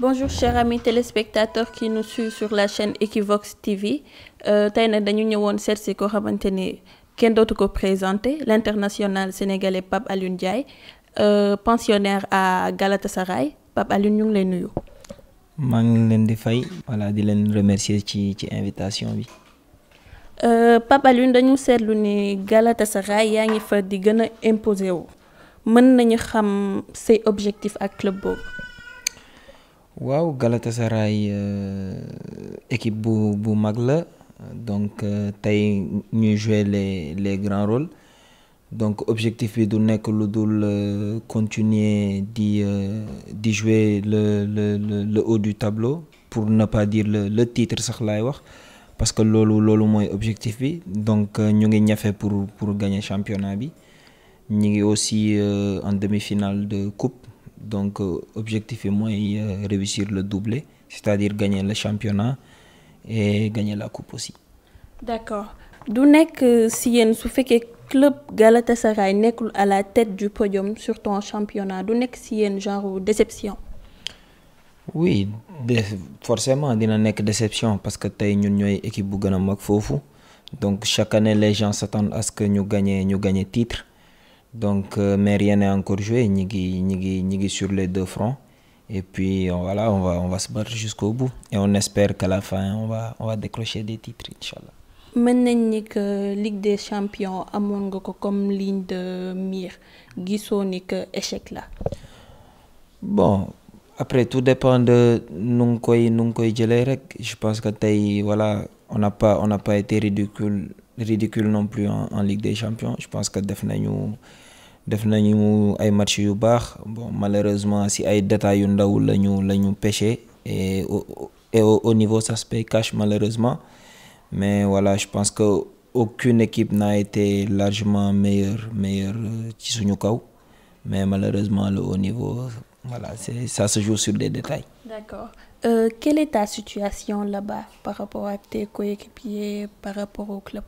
bonjour chers amis téléspectateurs qui nous suivent sur la chaîne Equivox TV euh, tey nag dañu ñëwoon seet si koo xamante ni kenn dootu ko présenté l'international sénégalais Pape Alioune Ndiaye euh, pensionnaire à Galatasaray Pape Alioune ñu ngi lay nuyu. maa ngi leen di fay. voilà di leen remercier ci ci invitation bi. Euh, Pape Alioune dañu seetlu ni Galatasaray yaa ngi fa di gën a imposer wu mën nañu xam say objectif ak club boobu. waaw Galatasaray euh, équipe bu bu mag la donc euh, tey ñuy jouer les les grands rôles donc objectif bi du nekk lu dul euh, continuer di di jouer le le le haut du tableau pour ne pas dire le le titre sax laay wax parce que loolu loolu mooy objectif bi donc ñu ngi ñafe pour pour gagner championnat bi ñu ngi aussi en demi-finale de coupe. donc euh, objectif yi mooy euh, réussir le doublé c'est-à-dire gagner le championnat et gagner la coupe aussi. d'accord du nekk euh, si yéen su fekkee club Galatasaray nekkul à la tête du podium surtout en championnat du nekk si yenn genre déception. oui forcément dina nekk déception parce que tey ñun ñooy équipe bu gën a mag foofu donc chaque année les gens s'attendent à ce que ñu gagner ñu gagner titre. donc euh, mais rien encore joué ñi ngi ñi ngi ñi ngi sur les deux fronts et puis euh, voilà on va on va se battre jusqu'au bout et on espère qu'à la fin on va décrocher des titres inchallah mën nañ ni que Ligue des Champions amoon nga ko comme ligne de mire gisoo ni que échec la bon après tout dépend de nu ngi koy nu ngi koy jëlee rek je pense que tey voilà on n'a pas on n'a pas été ridicule ridicule non plus en, en Ligue des Champions je pense que def nañu def nañu ay match yu baax bon malheureusement si ay détails yu ndaw la ñu la ñu pêché et au, et au, au niveau ça se paye malheureusement mais voilà je pense que aucune équipe n'a été largement meilleure meilleure euh, ci suñu kaw mais malheureusement le haut niveau voilà c'est ça se joue sur des détails. Euh, quelle est ta situation là-bas par rapport à tes coéquipiers, par rapport au club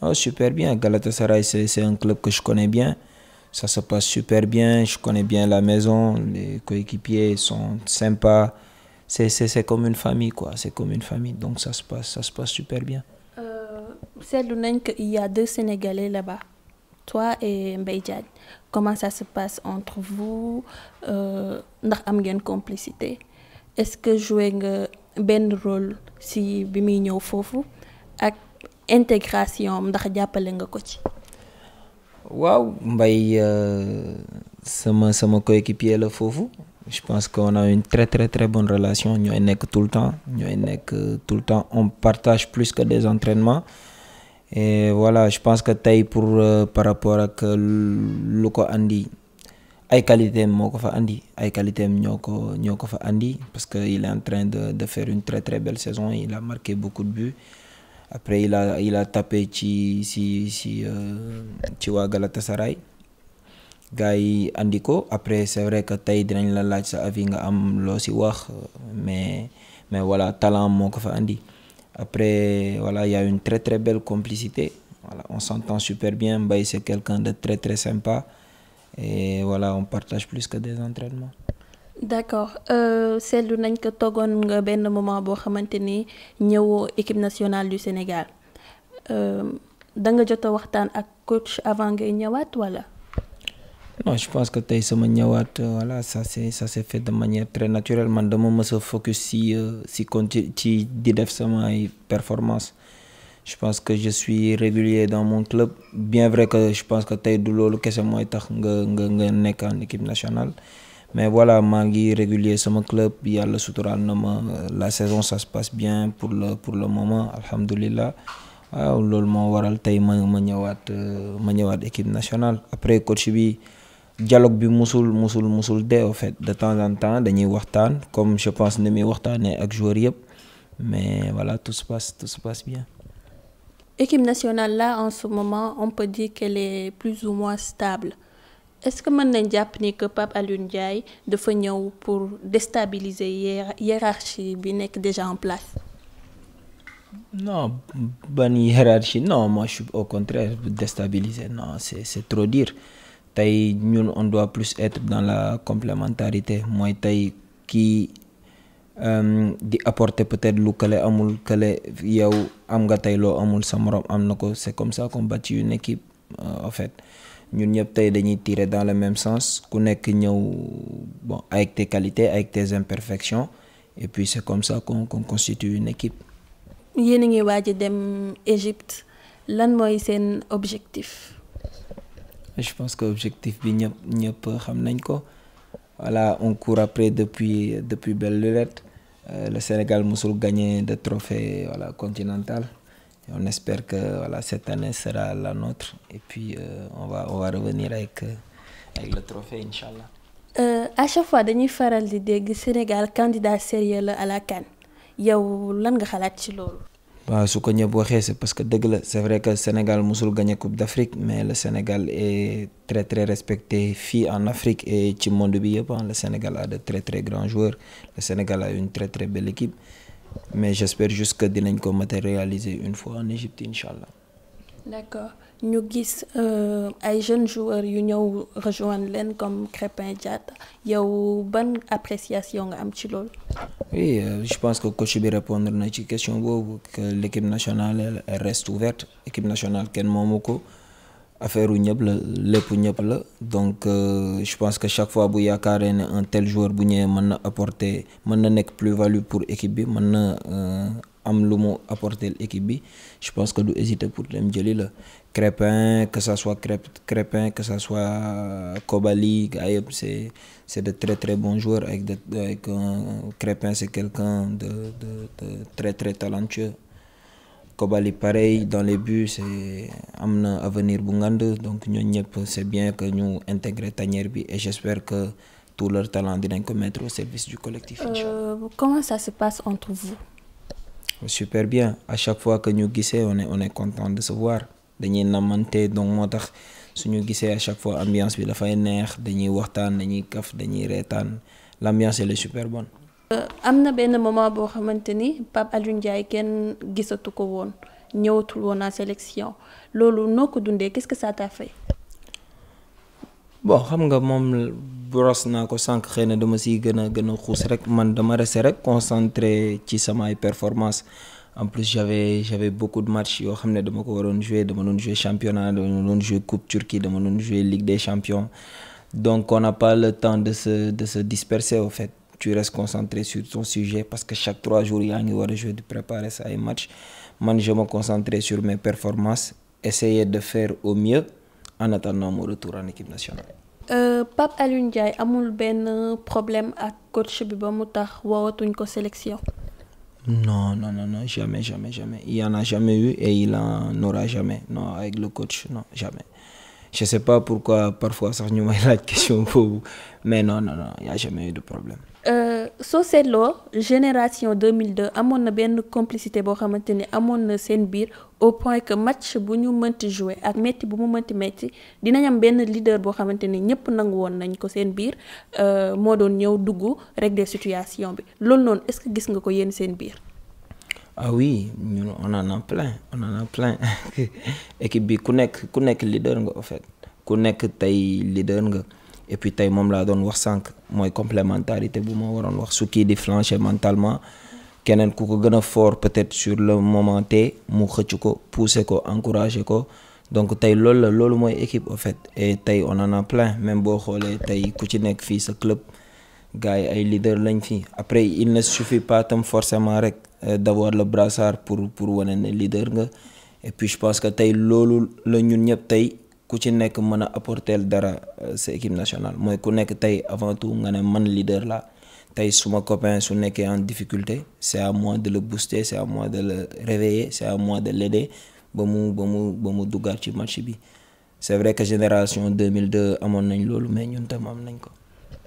oh, Super bien. Galatasaray, c'est un club que je connais bien. Ça se passe super bien. Je connais bien la maison. Les coéquipiers sont sympas. C'est comme une famille, quoi. C'est comme une famille. Donc ça se passe, ça se passe super bien. Euh, il y a deux Sénégalais là-bas toi et Mbaye Comment ça se passe entre vous euh, Am complicité est-ce que joué nga benn rôle si bi muy ñëw foofu ak intégration ndax jàppale nga ko ci. waaw Mbaye euh, sama sama coéquipier la foofu je pense qu'on a une très très très bonne relation ñooy nekk tout le temps ñooy nekk euh, tout le temps on partage plus que des entraînements e voilà je pense que tey pour euh, par rapport ak lu ko indi ay qualités moo ko fa andi ay qualités ñoo ko ñoo ko fa andi parce que il est en train de de faire une très très belle saison il a marqué beaucoup de buts après il a il a tapé ci ci ci euh, ci waa Galatasaray gars yi andi ko après c'est vrai que tey dinañ la laaj sa avis nga am loo si wax mais mais voilà talent moo ko fa andi après voilà il y a une très très belle complicité voilà on s'entend super bien Mbaye c'est quelqu'un de très très sympa. et voilà on partage plus que des entraînements. d'accord euh, seetlu nañ ko toogoon nga benn moment boo xamante ni ñëwoo équipe nationale du Sénégal euh, da nga jot a waxtaan ak coach avant ngay ñëwaat wala. non je pense que tey sama ñëwaat euh, voilà ça c'est ça s'est fait de manière très naturelle man dama mës a focus si si conti ci di def samay performance je pense que je suis régulier dans moo club bien vrai que je pense que tey du loolu kese mooy tax nga nga nga nekk en équipe nationale mais voilà maa ngi régulier sama club yàlla suturaal na ma la saison ça se bien pour le pour le moment alhamdulilah waaw loolu moo waral tey ma ma ñëwaat euh, ma ñëwaat équipe nationale après coach bi dialogue bi musul musul musul dee au fait de temps en temps dañuy waxtaan comme je pense ni muy waxtaanee ak joueur yëpp mais voilà tout se passe tout équipe nationale la en ce moment on peut dire qu'elle est plus ou moins stable est-ce que mën nañ jàpp ni que Pape Alioune Ndiaye dafa ñëw pour déstabiliser hiérarchie bi nekk déjà en place. non ban hiérarchie non moi je suis au contraire déstabiliser non c'est c'est trop dire tey ñun on doit plus être dans la complémentarité mooy tey kii. Ehm, di apporté peut-être lu kële amul kële yow am nga tey loo amul sa morom am na ko c'est comme ça qu'on bâtit une équipe euh, en fait ñun ñëpp tey dañuy tiire dans le même sens ku nekk ñëw bon avec tes qualités avec tes imperfections et puis c'est comme ça qu'on qu'on constitue une équipe. yéen a ngi waaj a dem Égypte lan mooy seen objectif. je pense que objectif bi ñëpp ñëpp xam nañ ko. voilà un court après depuis depuis belle lurette euh, Sénégal mosul gagné de trophée voilà continental et on espère que voilà cette année sera la nôtre et puis euh, on va on va revenir avec euh, avec le trophée inchallah euh, à chaque fois dañuy faral di dégg Sénégal candidat sérieux la à yow lan nga xalaat ci loolu. waaw su ko ñëpp waxee c'est parce que dëgg la c'est vrai que Sénégal mosul gagné Coupe d'Afrique mais le Sénégal est très très respecté fii en Afrique et ci monde bi yëpp le Sénégal a de très très grands joueurs le Sénégal a une très très belle équipe mais j'espère juste que dinañ ko matérialiser une fois en Égypte incha allah d'accord ñu gis euh, ay jeunes joueurs yu ñëw rejoindre leen comme Crépin Diatta yow ban appréciation nga am ci loolu. oui euh, je pense que coach bi répondre na ci question boobu que l'équipe nationale elle reste ouverte équipe nationale kenn moomu ko affaire u ñëpp la lépp ñëpp la donc euh, je pense que chaque fois bu yaakaaree ne un tel joueur bu ñëwee mën na apporter mën na nekk plus-value pour équipe bi mën na. am lu mu apporter l'équipe bi je pense que du hésiter pour dem jëli la Crépin que ça soit Crépin que ça soit euh, Kobali gars yëpp c'est de très très bons joueurs avec de avec un Crépin c'est quelqu'un de très très talentueux cobali pareil dans les buts c'est am na avenir bu ngand donc ñooñu ñëpp c'est bien que ñu intégrer tanière bi et j'espère que tout leur talent dinañ ko mettre au service du collectif. Euh, comment ça se passe entre vous? super bien à chaque fois que ñu gisee on est on est content de se dañuy namante donc moo tax suñu gisee à chaque fois ambiance bi dafay neex dañuy waxtaan dañuy kaf dañuy reetaan l' ambiance elle est super bonne. Euh, am na benn moment boo xamante ni Pape Alioune Ndiaye kenn gisatu ko woon ñëwatul woon à sélection loolu noo ko dundee qu'est-ce que ça bon xam nga moom brosse naa ko sànq xëy na dama si gën a gën a xuus rek man dama resté rek concentre ci samay performance en plus j'avais j'avais beaucoup de matchs yoo xam ne dama ko waroon jouer dama doon jouer championnat dama doon jouer coupe Turquie dama doon jouer ligue des champions donc on n'a pas le temps de se de se disperser au fait tu restes concentré sur ton sujet parce que chaque trois jours yaa ngi war a jouer di préparer sa ay match man je me concentrais sur mes performances de faire au mieux en attendant mon retour en équipe nationale. Euh, Pape Alioune Ndiaye amul benn problème ak coach bi ba mu tax woowatuñ ko sélection. Non, non, non, non, jamais, jamais, jamais. Il n'y a jamais eu et il n'en aura jamais. Non, avec le coach, non, jamais. Je sais pas pourquoi parfois ça nous met la question pour vous. Mais non, non, non, il a jamais eu de problème. Euh, soo seetloo génération 2002 amoon na benn complicité boo xamante ni amoon na seen biir au point que match bu ñu mënti jouer ak métti bu mu mënti métti dinañ am benn leader boo xamante ni ñëpp nangu woon nañ ko seen biir euh, moo doon ñëw dugg régler situation bi loolu noonu est-ce que gis nga ko yéen seen biir. ah oui ñun on en a plein on en a plein équipe bi ku nekk ku nekk leader nga en ku nekk tey leader nga. et puis tey moom laa doon wax sànq mooy complémentarité bu moo waroon wax su kii di flancher mentalement keneen ku ko gën a fort peut-être sur le moment te mu xëcc ko pousser ko encourager ko donc tey loolu la loolu mooy équipe en fait et tey on en a plein même boo xoolee tey ku ci nekk fii sa club gars yi ay leader lañ fii après il ne suffit pas tam forcément rek euh, d'avoir le brassard pour pour wane ne leader nga et puis je pense que tey loolu la ñun ñëpp tey ku ci nekk mën a apporter dara euh, sa équipe nationale mooy ku nekk tey avant tout nga ne man leader la tey suma copain su nekkee en difficulté c'est à moi de le booster c'est à moi de la réveiller c'est à moi de l'aider ba mu ba mu ba mu duggaat ci match bi c'est vrai que génération 2002 amoon nañ loolu mais ñun tam am nañ ko.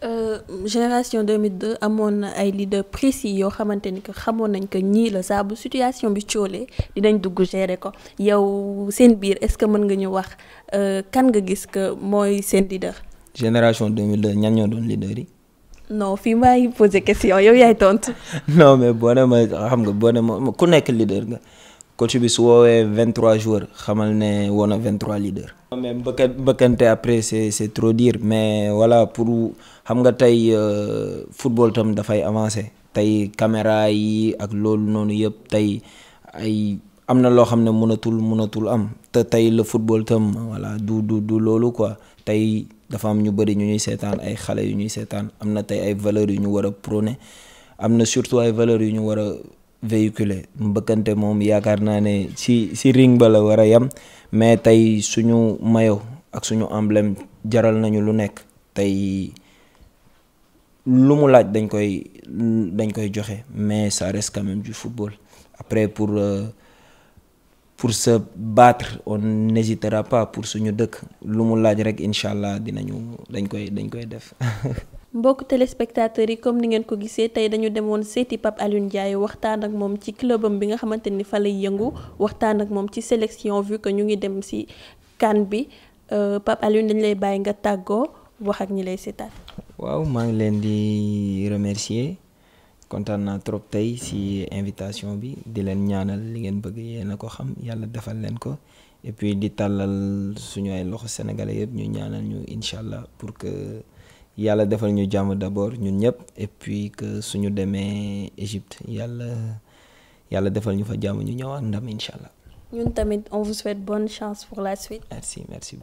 Euh, génération 2002 amoon na ay leader yi yoo xamante ni que xamoon nañ ko ñii la saa bu situation bi coolee dinañ dugg gérer ko yow seen biir est-ce que mën nga ñu wax euh, kan nga gis ko mooy seen leader. génération 2002 ñan ñoo doon leader yi. non fii maa ngi posé question yow yaay tontu. non mais boo demee xam nga boo ma ku nekk leader nga. coach bi su woowee vingt trois joueurs xamal ne woon na vingt trois leaders. mais mbëkka mbëkkante après c'est c'est trop dire mais voilà pour xam nga tey euh, football tam dafay avancer tey caméra yi ak loolu noonu yëpp tey ay am na loo xam ne munatul mënatul am te tey le football tam voilà du du du loolu quoi tey dafa am ñu bëri ñu ñuy seetaan ay xale yu ñuy seetaan am na tey ay valeurs yu ñu war a prôner am na surtout ay valeurs yu ñu war véhiculé mbëkkante moom yaakaar naa ne si si ring la war a yem mais tey suñu mayo ak suñu emblème jaral nañu lu nekk tey lu mu laaj dañ koy dañ koy joxe mais ça reste quand même du football après pour euh, pour se battre on n'hésitera pas pour suñu dëkk lu mu laaj rek incha allah dinañu dañ koy dañ koy def. mbokk téléspectateurs yi comme ni ngeen ko gisee tey dañu demoon seeti Pape Alioune Ndiaye waxtaan ak moom ci clubam bi nga xamante ni fa lay yëngu waxtaan ak moom ci sélection vu que ñu ngi dem si kan bi euh, Pape Alioune dañu lay bàyyi nga tàggoo wax ak ñi lay seetaan. waaw maa ngi leen di remercier kontaan naa trop tey si invitation bi di leen ñaanal li ngeen bëgg yéen a ko xam yàlla defal leen ko et puis di tàllal suñu ay loxo sénégalais yëpp ñu ñaanal ñu incha allah pour yàlla defal ñu jàmm d'abord ñun ñëpp et puis que ñu demee Égypte yàlla yàlla defal ñu fa jàmm ñu ñëwaat ndam incha allah. ñun tamit on vous souhaite bonne chance pour la suite. merci merci